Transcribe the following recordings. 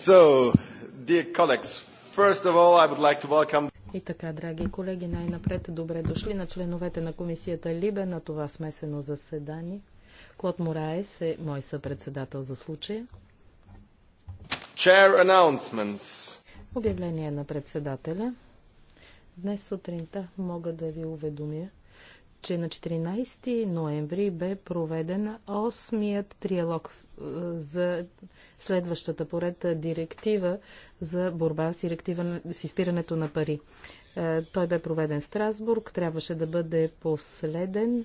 So, dear colleagues, first of all, I would like to welcome и така, драги колеги, най-напред добре дошли на членовете на комисията Либе на това смесено заседание. Клод Мораес е мой съпредседател за случая. Chair announcements. Обявление на председателя. Днес сутринта мога да ви уведомя, че на 14 ноември бе проведен 8-ият триалог е, за следващата поред директива за борба с, с изпирането на пари. Е, той бе проведен в Страсбург, трябваше да бъде последен,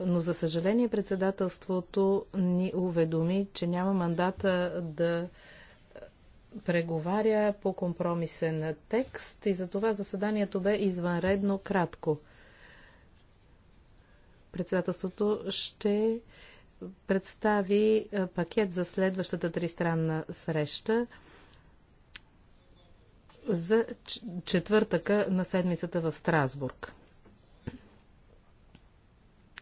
но за съжаление председателството ни уведоми, че няма мандата да преговаря по компромисен текст и затова заседанието бе извънредно кратко – председателството ще представи пакет за следващата тристранна среща за четвъртъка на седмицата в Страсбург.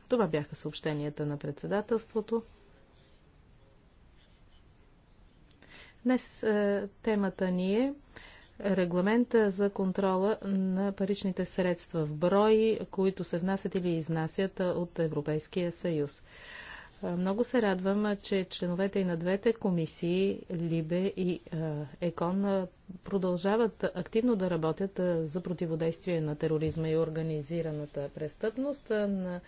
Това бяха съобщенията на председателството. Днес темата ни е регламента за контрола на паричните средства в брои, които се внасят или изнасят от Европейския съюз. Много се радвам, че членовете и на двете комисии, Либе и ЕКОН, продължават активно да работят за противодействие на тероризма и организираната престъпност. На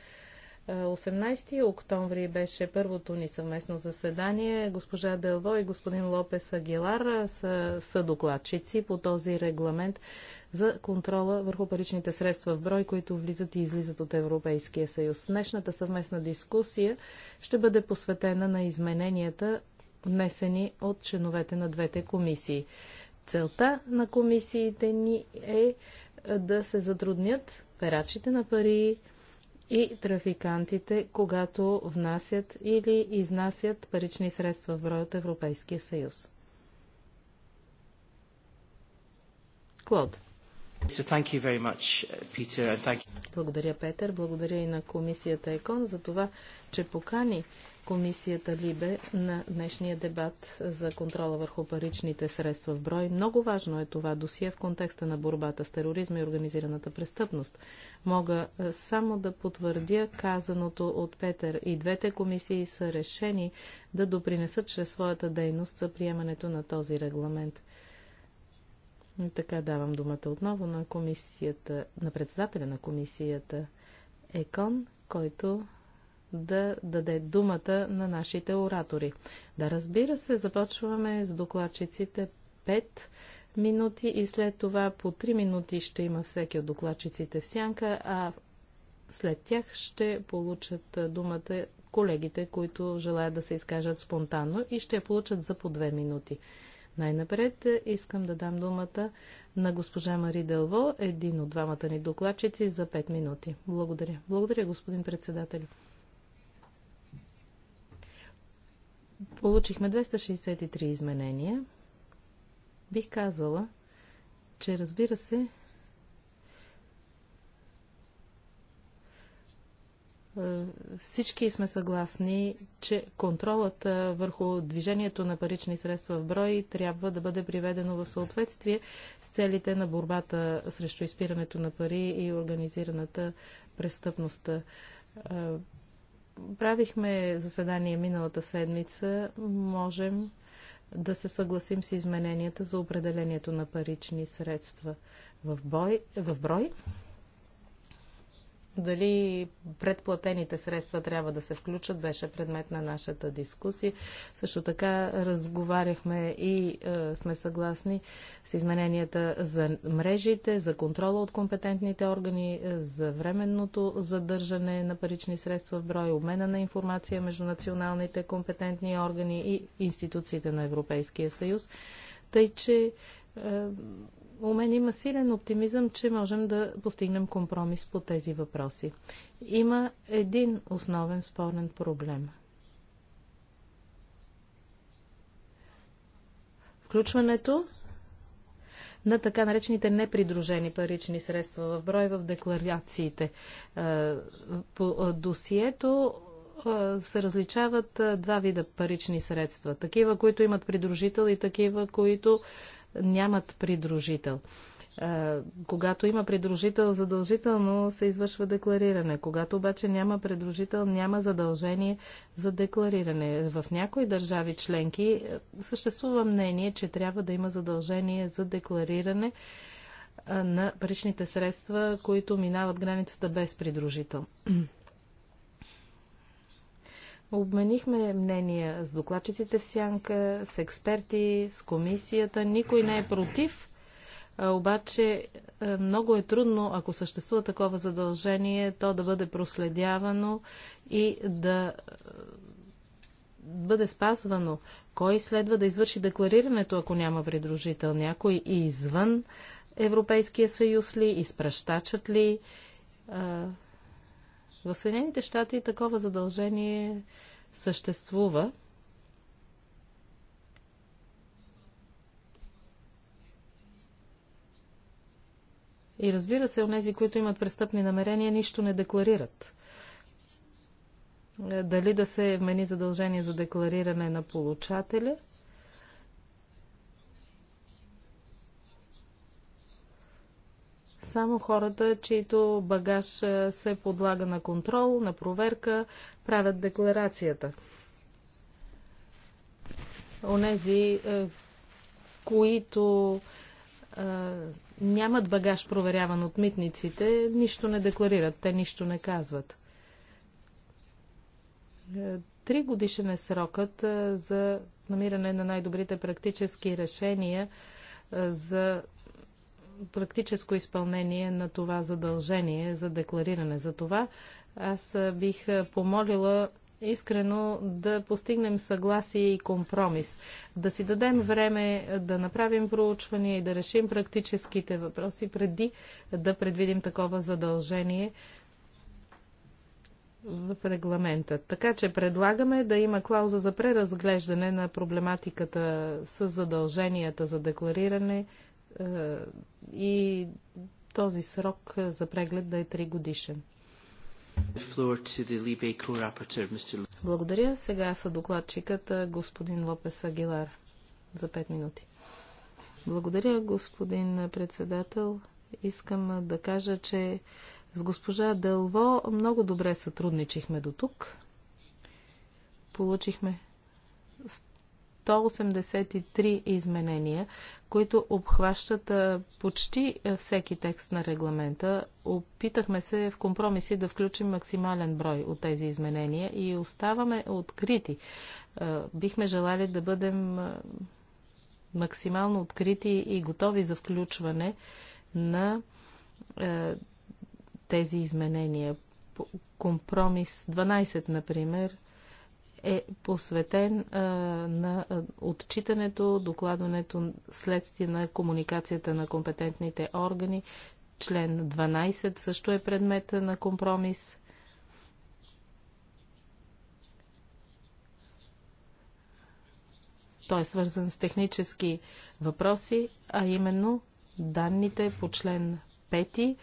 18 е, октомври беше първото ни съвместно заседание. Госпожа Дълво и господин Лопес Агилар е, са, са докладчици по този регламент за контрола върху паричните средства в брой, които влизат и излизат от Европейския съюз. Днешната съвместна дискусия ще бъде посветена на измененията, внесени от членовете на двете комисии. Целта на комисиите ни е, е да се затруднят перачите на пари, и трафикантите, когато внасят или изнасят парични средства в брой от Европейския съюз. Клод. So much, uh, Peter, благодаря, Петър. Благодаря и на комисията ЕКОН за това, че покани комисията Либе на днешния дебат за контрола върху паричните средства в брой. Много важно е това досие в контекста на борбата с тероризма и организираната престъпност. Мога е, само да потвърдя казаното от Петър. И двете комисии са решени да допринесат чрез своята дейност за приемането на този регламент. И така давам думата отново на комисията, на председателя на комисията Екон, който да даде думата на нашите оратори. Да, разбира се, започваме с докладчиците 5 минути и след това по 3 минути ще има всеки от докладчиците в сянка, а след тях ще получат думата колегите, които желаят да се изкажат спонтанно и ще я получат за по 2 минути. Най-напред искам да дам думата на госпожа Мари Дълво, един от двамата ни докладчици, за 5 минути. Благодаря. Благодаря, господин председател. Получихме 263 изменения. Бих казала, че разбира се, е, всички сме съгласни, че контролът е, върху движението на парични средства в брой трябва да бъде приведено в съответствие с целите на борбата срещу изпирането на пари и организираната престъпността. Е, правихме заседание миналата седмица, можем да се съгласим с измененията за определението на парични средства в, бой, в брой. Дали предплатените средства трябва да се включат, беше предмет на нашата дискусия. Също така разговаряхме и е, сме съгласни с измененията за мрежите, за контрола от компетентните органи, е, за временното задържане на парични средства в брой, обмена на информация между националните компетентни органи и институциите на Европейския съюз. Тъй, че е, у мен има силен оптимизъм, че можем да постигнем компромис по тези въпроси. Има един основен спорен проблем. Включването на така наречените непридружени парични средства в брой в декларациите. Е, по е, досието е, се различават два вида парични средства. Такива, които имат придружител и такива, които нямат придружител. Когато има придружител, задължително се извършва деклариране. Когато обаче няма придружител, няма задължение за деклариране. В някои държави членки е, съществува мнение, че трябва да има задължение за деклариране на паричните средства, които минават границата без придружител. Обменихме мнения с докладчиците в Сянка, с експерти, с комисията. Никой не е против, обаче много е трудно, ако съществува такова задължение, то да бъде проследявано и да бъде спазвано. Кой следва да извърши декларирането, ако няма придружител? Някой и извън Европейския съюз ли, изпращачът ли? В Съединените щати такова задължение съществува. И разбира се, онези, които имат престъпни намерения, нищо не декларират. Е, дали да се вмени задължение за деклариране на получателя – Само хората, чието багаж се подлага на контрол, на проверка, правят декларацията. Онези, е, които нямат багаж проверяван от митниците, нищо не декларират, те нищо не казват. Е, три годишен е срокът е, за намиране на най-добрите практически решения за практическо изпълнение на това задължение за деклариране. За това аз бих помолила искрено да постигнем съгласие и компромис, да си дадем време да направим проучвания и да решим практическите въпроси преди да предвидим такова задължение в регламента. Така че предлагаме да има клауза за преразглеждане на проблематиката с задълженията за деклариране е, и този срок е, за преглед да е 3 годишен. Благодаря. Сега са докладчикът господин Лопес Агилар за 5 минути. Благодаря, господин председател. Искам е, да кажа, че с госпожа Дълво много добре сътрудничихме до тук. Получихме 183 изменения, които обхващат почти всеки текст на регламента. Опитахме се в компромиси да включим максимален брой от тези изменения и оставаме открити. Бихме желали да бъдем максимално открити и готови за включване на тези изменения. Компромис 12, например, е посветен а, на отчитането, докладването следствие на комуникацията на компетентните органи. Член 12 също е предмета на компромис. Той е свързан с технически въпроси, а именно данните по член 5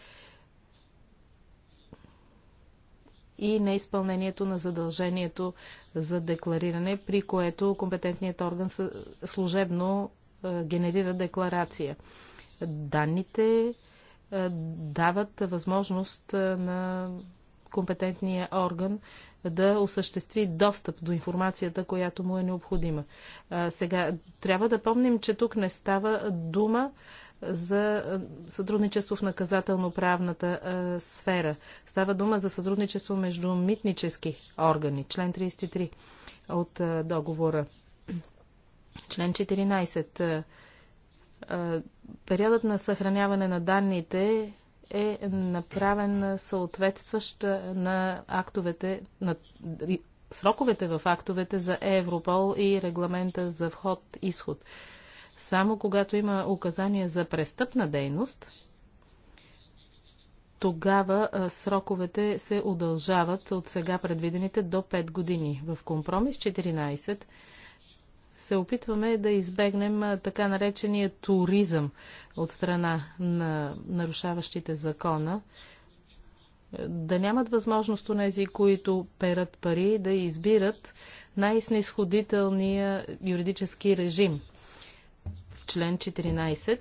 и неизпълнението на задължението за деклариране, при което компетентният орган служебно генерира декларация. Данните дават възможност на компетентния орган да осъществи достъп до информацията, която му е необходима. Сега, трябва да помним, че тук не става дума за сътрудничество в наказателно-правната сфера. Става дума за сътрудничество между митнически органи, член 33 от а, договора. Член 14. А, периодът на съхраняване на данните е направен съответстващ на актовете, на сроковете в актовете за Европол и регламента за вход-изход. Само когато има указания за престъпна дейност, тогава сроковете се удължават от сега предвидените до 5 години. В компромис 14 се опитваме да избегнем така наречения туризъм от страна на нарушаващите закона, да нямат възможност у нези, които перат пари, да избират най-снисходителния юридически режим – член 14.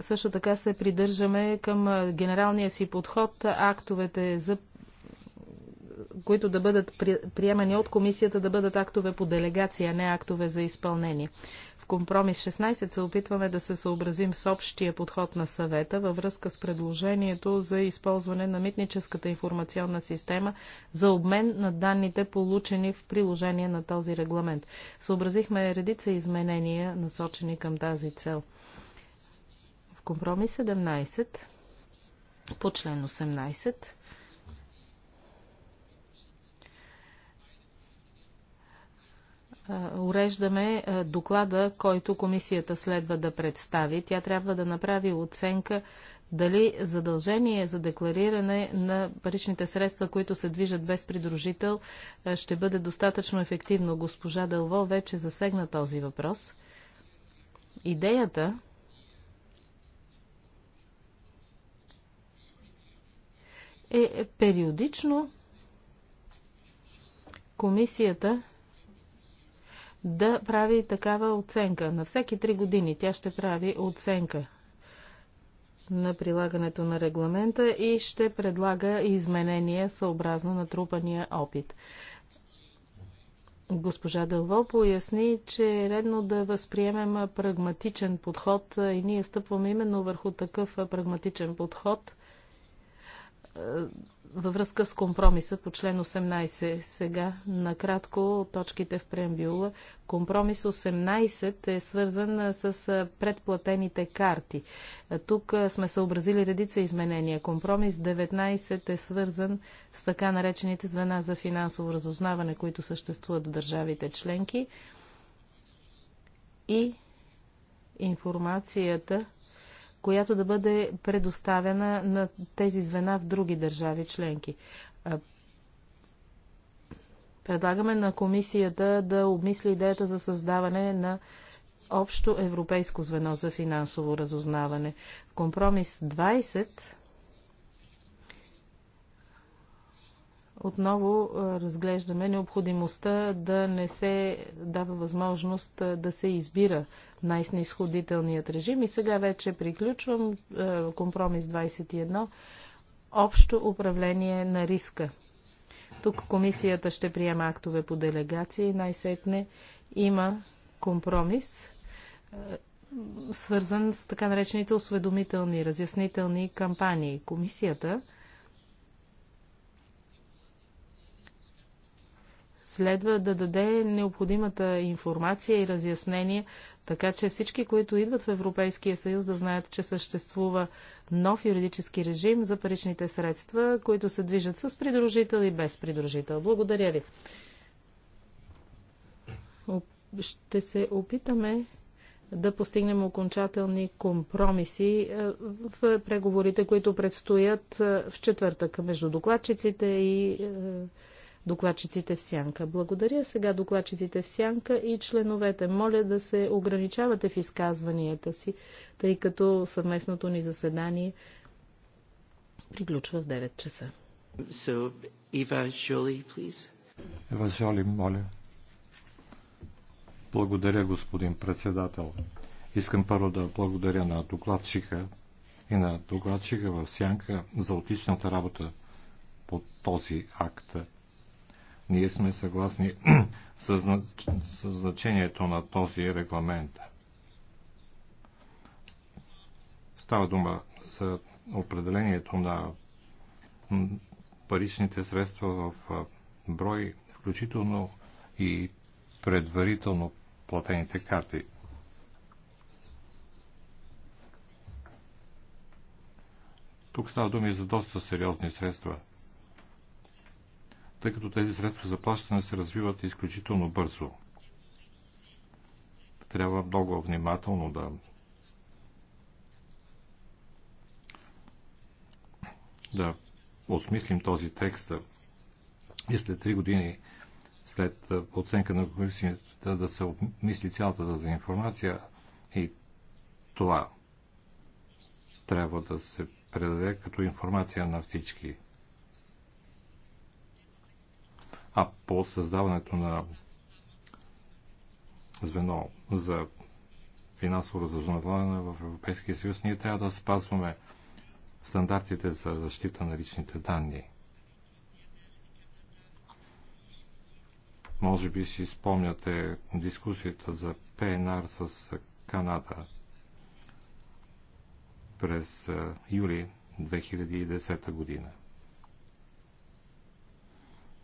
Също така се придържаме към генералния си подход актовете за които да бъдат приемани от комисията, да бъдат актове по делегация, а не актове за изпълнение компромис 16 се опитваме да се съобразим с общия подход на съвета във връзка с предложението за използване на митническата информационна система за обмен на данните, получени в приложение на този регламент. Съобразихме редица изменения, насочени към тази цел. В компромис 17 по член 18 уреждаме доклада, който комисията следва да представи. Тя трябва да направи оценка дали задължение за деклариране на паричните средства, които се движат без придружител, ще бъде достатъчно ефективно. Госпожа Дълво вече засегна този въпрос. Идеята е периодично комисията да прави такава оценка. На всеки три години тя ще прави оценка на прилагането на регламента и ще предлага изменения съобразно на трупания опит. Госпожа Дълво поясни, че е редно да възприемем прагматичен подход и ние стъпваме именно върху такъв прагматичен подход – във връзка с компромиса по член 18. Сега накратко точките в преамбюла. Компромис 18 е свързан с предплатените карти. Тук сме съобразили редица изменения. Компромис 19 е свързан с така наречените звена за финансово разузнаване, които съществуват в държавите членки и информацията която да бъде предоставена на тези звена в други държави членки. Предлагаме на комисията да обмисли идеята за създаване на общо европейско звено за финансово разузнаване. компромис 20 отново разглеждаме необходимостта да не се дава възможност да се избира най-снисходителният режим. И сега вече приключвам е, компромис 21 общо управление на риска. Тук комисията ще приема актове по делегации. Най-сетне има компромис, е, свързан с така наречените осведомителни, разяснителни кампании. Комисията следва да даде необходимата информация и разяснение, така че всички, които идват в Европейския съюз, да знаят, че съществува нов юридически режим за паричните средства, които се движат с придружител и без придружител. Благодаря ви. Ще се опитаме да постигнем окончателни компромиси е, в преговорите, които предстоят е, в четвъртък между докладчиците и е, докладчиците в сянка. Благодаря сега докладчиците в сянка и членовете. Моля да се ограничавате в изказванията си, тъй като съвместното ни заседание приключва в 9 часа. So, Eva Jolie, Жоли, моля. Благодаря, господин председател. Искам първо да благодаря на докладчика и на докладчика в Сянка за отличната работа по този акт. Ние сме съгласни с значението на този регламент. Става дума за определението на паричните средства в брой, включително и предварително платените карти. Тук става думи за доста сериозни средства – тъй като тези средства за плащане се развиват изключително бързо. Трябва много внимателно да да осмислим този текст и след 3 години след оценка на комисията да се обмисли цялата за информация и това трябва да се предаде като информация на всички а по създаването на звено за финансово разузнаване в Европейския съюз, ние трябва да спазваме стандартите за защита на личните данни. Може би си спомняте дискусията за ПНР с Канада през юли 2010 година.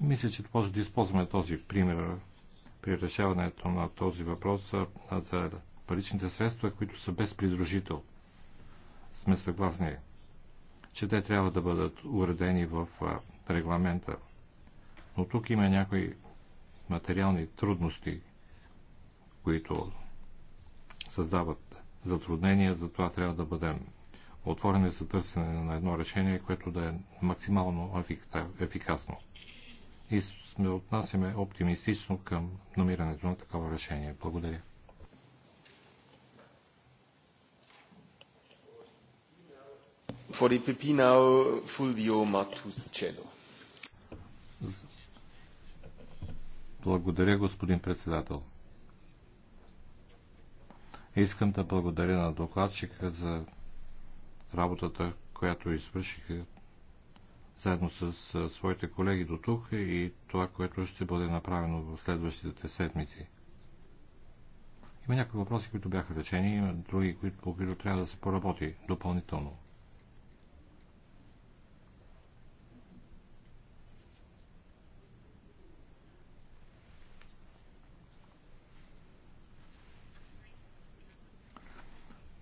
Мисля, че може да използваме този пример при решаването на този въпрос за паричните средства, които са без придружител. Сме съгласни, че те трябва да бъдат уредени в регламента. Но тук има някои материални трудности, които създават затруднения, затова трябва да бъдем отворени за търсене на едно решение, което да е максимално ефикасно и сме отнасяме оптимистично към намирането на такова решение. Благодаря. For e the Благодаря, господин председател. Искам да благодаря на докладчика за работата, която извършиха заедно с своите колеги до тук и това, което ще бъде направено в следващите седмици. Има някои въпроси, които бяха речени, има други, които, по които трябва да се поработи допълнително.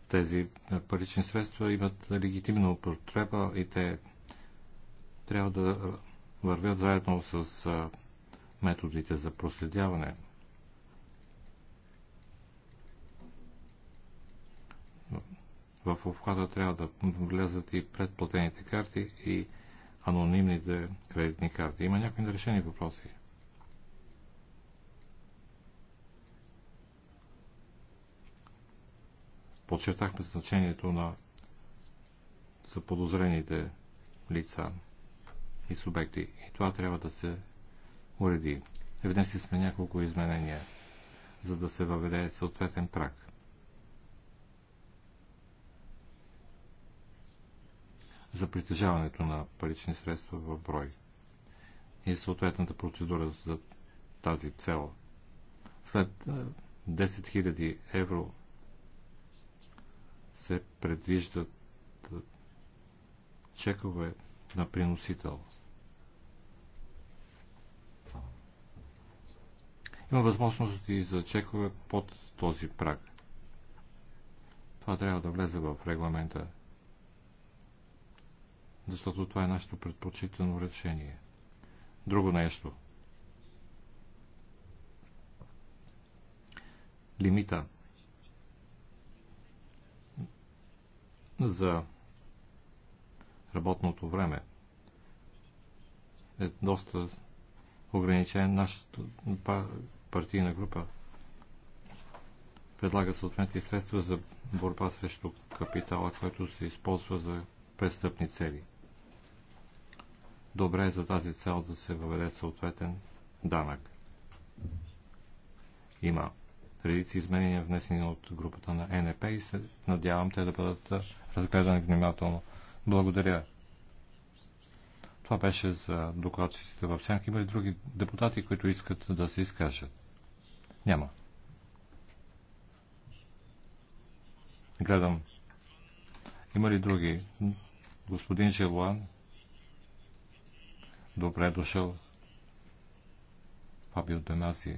Тези парични средства имат легитимна употреба и те трябва да вървят заедно с методите за проследяване. В обхвата трябва да влязат и предплатените карти и анонимните кредитни карти. Има някои нерешени въпроси. Подчертахме значението на заподозрените лица и субекти. И това трябва да се уреди. Внесли сме няколко изменения, за да се въведе съответен прак. за притежаването на парични средства в брой и съответната процедура за тази цел. След 10 000 евро се предвиждат чекове на приносител – Има възможност и за чекове под този праг. Това трябва да влезе в регламента, защото това е нашето предпочитано решение. Друго нещо. Лимита за работното време е доста ограничен. Нашето, партийна група предлага съответни средства за борба срещу капитала, който се използва за престъпни цели. Добре е за тази цел да се въведе съответен данък. Има редици изменения, внесени от групата на НП и се надявам те да бъдат разгледани внимателно. Благодаря. Това беше за докладчиците в Сянка. Има ли други депутати, които искат да се изкажат? Няма. Гледам. Има ли други? Господин Желуан. Добре дошъл. Фабио Демаси.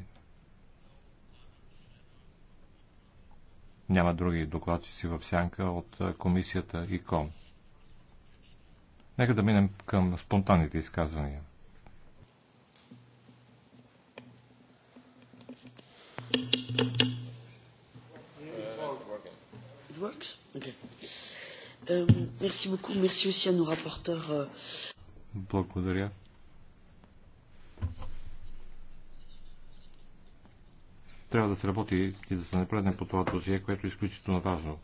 Няма други докладчици в сянка от комисията ИКОН. Нека да минем към спонтанните изказвания. works? Okay. Um, merci beaucoup. Merci aussi à nos rapporteurs. Euh. Благодаря. Трябва да се работи и да се напредне по това дължие, което е изключително важно.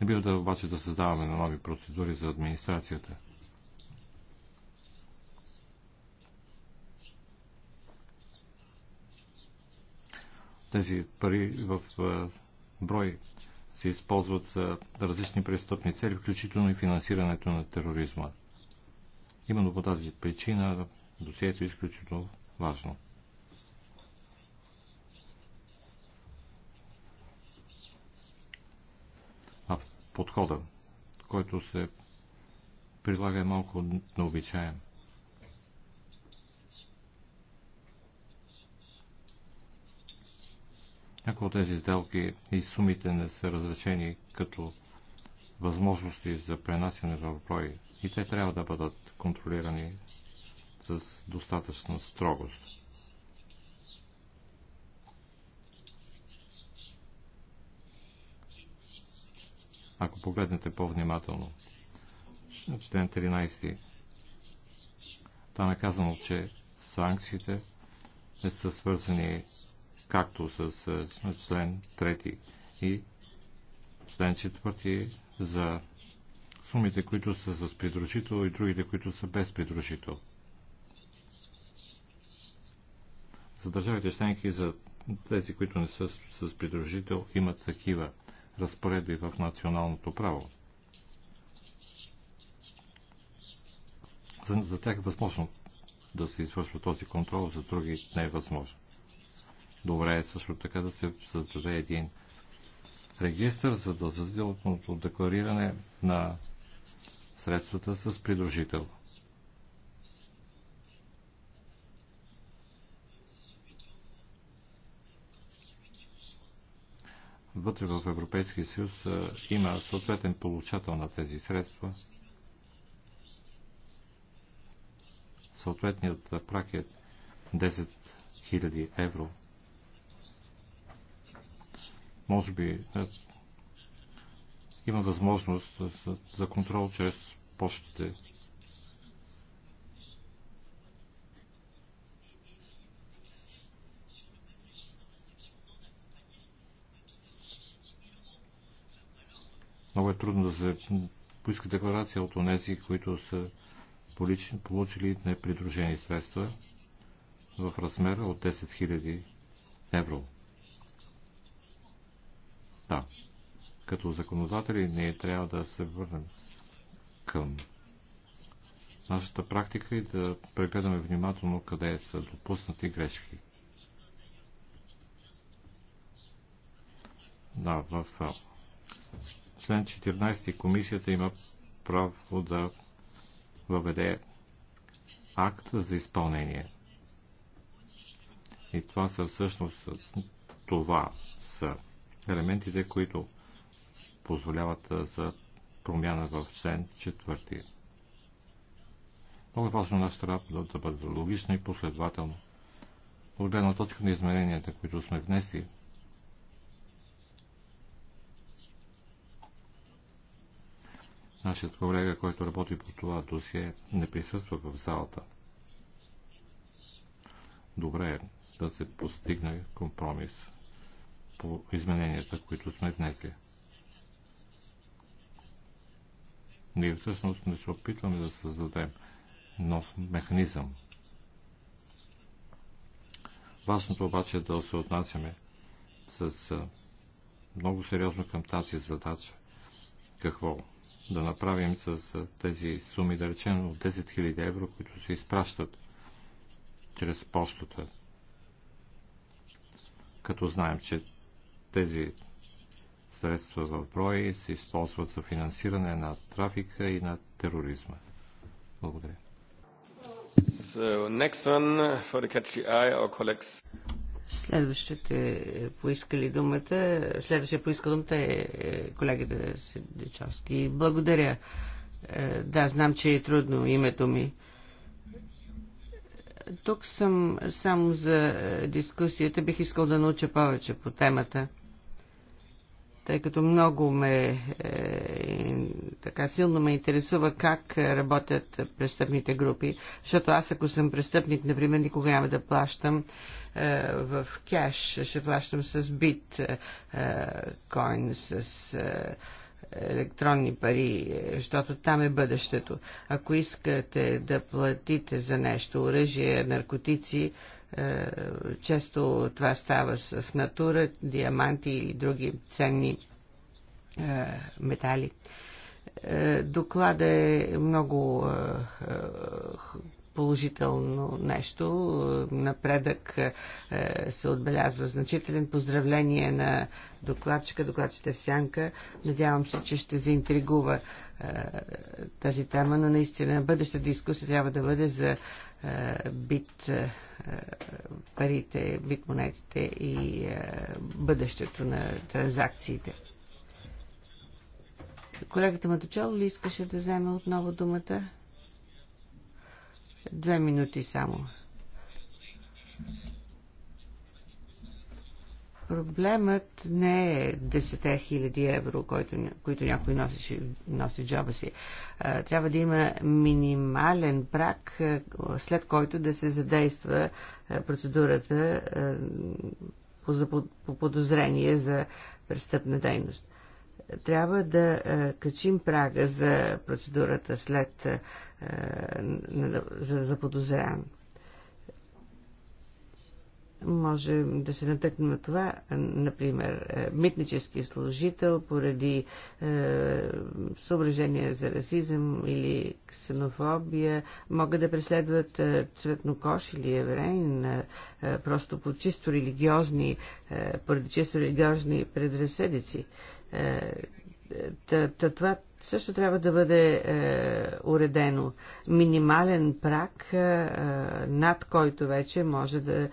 Не бива да обаче да създаваме на нови процедури за администрацията – Тези пари в брой се използват за различни престъпни цели, включително и финансирането на тероризма. Именно по тази причина досието е изключително важно. А подхода, който се прилага е малко необичаем. Някои от тези сделки и сумите не са разрешени като възможности за пренасяне в брой и те трябва да бъдат контролирани с достатъчна строгост. Ако погледнете по-внимателно, член 13, там е казано, че санкциите не са свързани както с член 3 и член 4 за сумите, които са с придружител и другите, които са без придружител. За държавите членки, за тези, които не са с придружител, имат такива разпоредби в националното право. За, за тях е възможно да се извършва този контрол, за други не е възможно. Добре е също така да се създаде един регистр за задължителното деклариране на средствата с придружител. Вътре в Европейския съюз има съответен получател на тези средства. Съответният прак е 10 000 евро – може би аз, има възможност за, за контрол чрез почтите. Много е трудно да се поиска декларация от онези, които са получили непридружени средства в размер от 10 000 евро. Да, като законодатели ние трябва да се върнем към нашата практика и да прегледаме внимателно къде са допуснати грешки. Да, в член 14 комисията има право да въведе акт за изпълнение. И това са всъщност това са елементите, които позволяват за промяна в член 4. Много е важно нашата работа да бъде логична и последователна. От гледна точка на измененията, които сме внесли, Нашият колега, който работи по това досие, не присъства в залата. Добре е да се постигне компромис по измененията, които сме внесли. Ние всъщност не се опитваме да създадем нов механизъм. Важното обаче е да се отнасяме с много сериозно към тази задача. Какво да направим с тези суми, да речем от 10 000 евро, които се изпращат чрез почтата? Като знаем, че тези средства в брой се използват за финансиране на трафика и на тероризма. Благодаря. So, next one for the eye, our colleagues. Следващите поискали думата, следващия поискал думата е, е колегата Седичовски. Благодаря. Е, да, знам, че е трудно името ми. Тук съм само за дискусията. Бих искал да науча повече по темата тъй като много ме, е, така силно ме интересува как работят престъпните групи, защото аз ако съм престъпник, например, никога няма да плащам е, в кеш, ще плащам с бит е, е коин, с е, електронни пари, е, защото там е бъдещето. Ако искате да платите за нещо, оръжие, наркотици, е, често това става в натура, диаманти или други ценни е, метали. Е, доклада е много положително нещо. Напредък се отбелязва значителен. Поздравление на докладчика, докладчите в сянка. Надявам се, че ще заинтригува тази тема, но наистина бъдеща дискусия трябва да бъде за е, бит е, парите, бит монетите и е, бъдещето на транзакциите. Колегата Маточало ли искаше да вземе отново думата? Две минути само. Проблемът не е 10 000 евро, който, които някой носи, носи джоба си. Трябва да има минимален прак, след който да се задейства процедурата по подозрение за престъпна дейност. Трябва да качим прага за процедурата след за заподозрян може да се натъкнем на това, например, е, митнически служител поради е, съображения за расизъм или ксенофобия могат да преследват е, цветнокош или евреин е, е, просто по чисто религиозни, е, поради чисто религиозни предразсъдици. Е, това също трябва да бъде е, уредено. Минимален прак, е, е, над който вече може да е,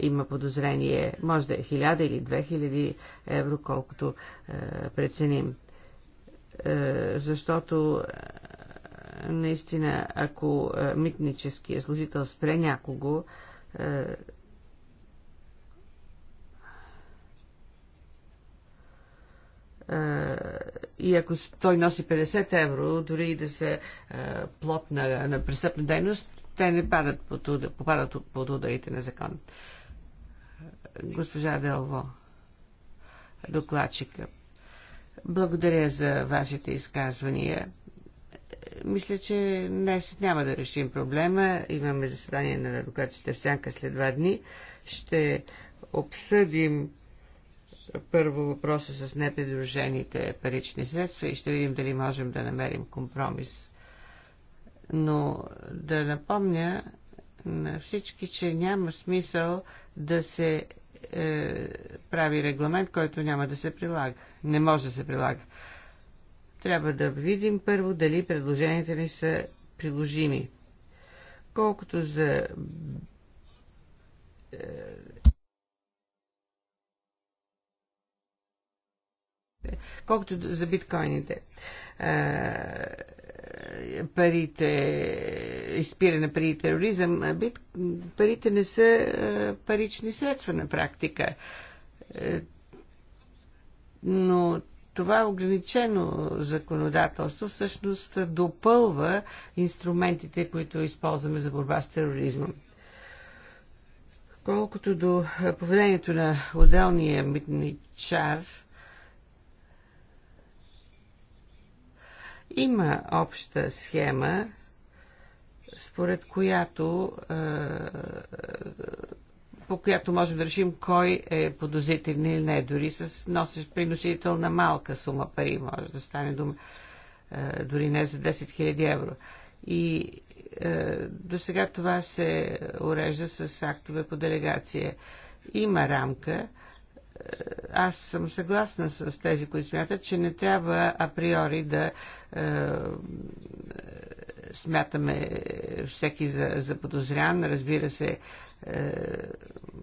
има подозрение, може да е 1000 или 2000 евро, колкото е, преценим. Е, защото е, наистина, ако е, митническия служител спре някого, е, и ако той носи 50 евро, дори и да са плот на, на престъпна дейност, те не падат под, попадат под ударите на закон. Госпожа Делво, докладчика, благодаря за вашите изказвания. Мисля, че днес няма да решим проблема. Имаме заседание на докладчите в сянка след два дни. Ще обсъдим първо въпроса с непридружените парични средства и ще видим дали можем да намерим компромис. Но да напомня на всички, че няма смисъл да се е, прави регламент, който няма да се прилага. Не може да се прилага. Трябва да видим първо дали предложенията ни са приложими. Колкото за е, Колкото за биткоините, е, парите, изпиране при пари тероризъм, бит, парите не са е, парични средства на практика. Е, но това ограничено законодателство всъщност допълва инструментите, които използваме за борба с тероризма. Колкото до поведението на отделния митничар, Има обща схема, според която е, по която можем да решим кой е подозрителен или не. Дори с носещ приносител на малка сума пари може да стане дума. Е, дори не за 10 000 евро. И е, до сега това се урежда с актове по делегация. Има рамка, е, аз съм съгласна с тези, които смятат, че не трябва априори да е, смятаме всеки за, за подозрян. Разбира се, е,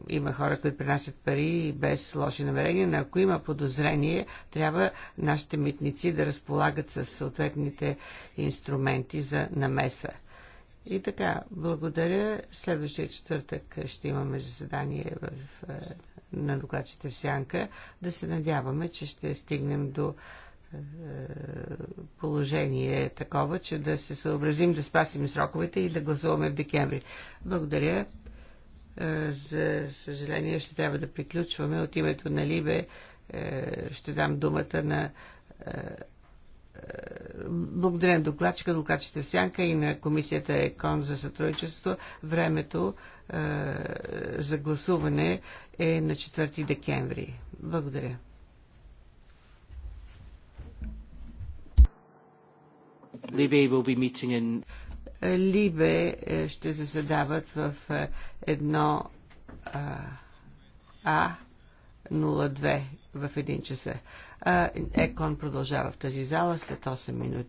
има хора, които принасят пари без лоши намерения, но ако има подозрение, трябва нашите митници да разполагат с съответните инструменти за намеса. И така, благодаря. Следващия четвъртък ще имаме заседание в, е, на докладчите в Сянка. Да се надяваме, че ще стигнем до е, положение такова, че да се съобразим, да спасим сроковете и да гласуваме в декември. Благодаря. Е, за съжаление ще трябва да приключваме. От името на Либе ще дам думата на благодаря на докладчика, докладчите Сянка и на комисията ЕКОН за сътрудничество. Времето е, за гласуване е на 4 декември. Благодаря. Либе will be meeting in... Либе е, ще заседават в е, едно А02 в 1 часа. Екон продължава в тази зала след 8 минути.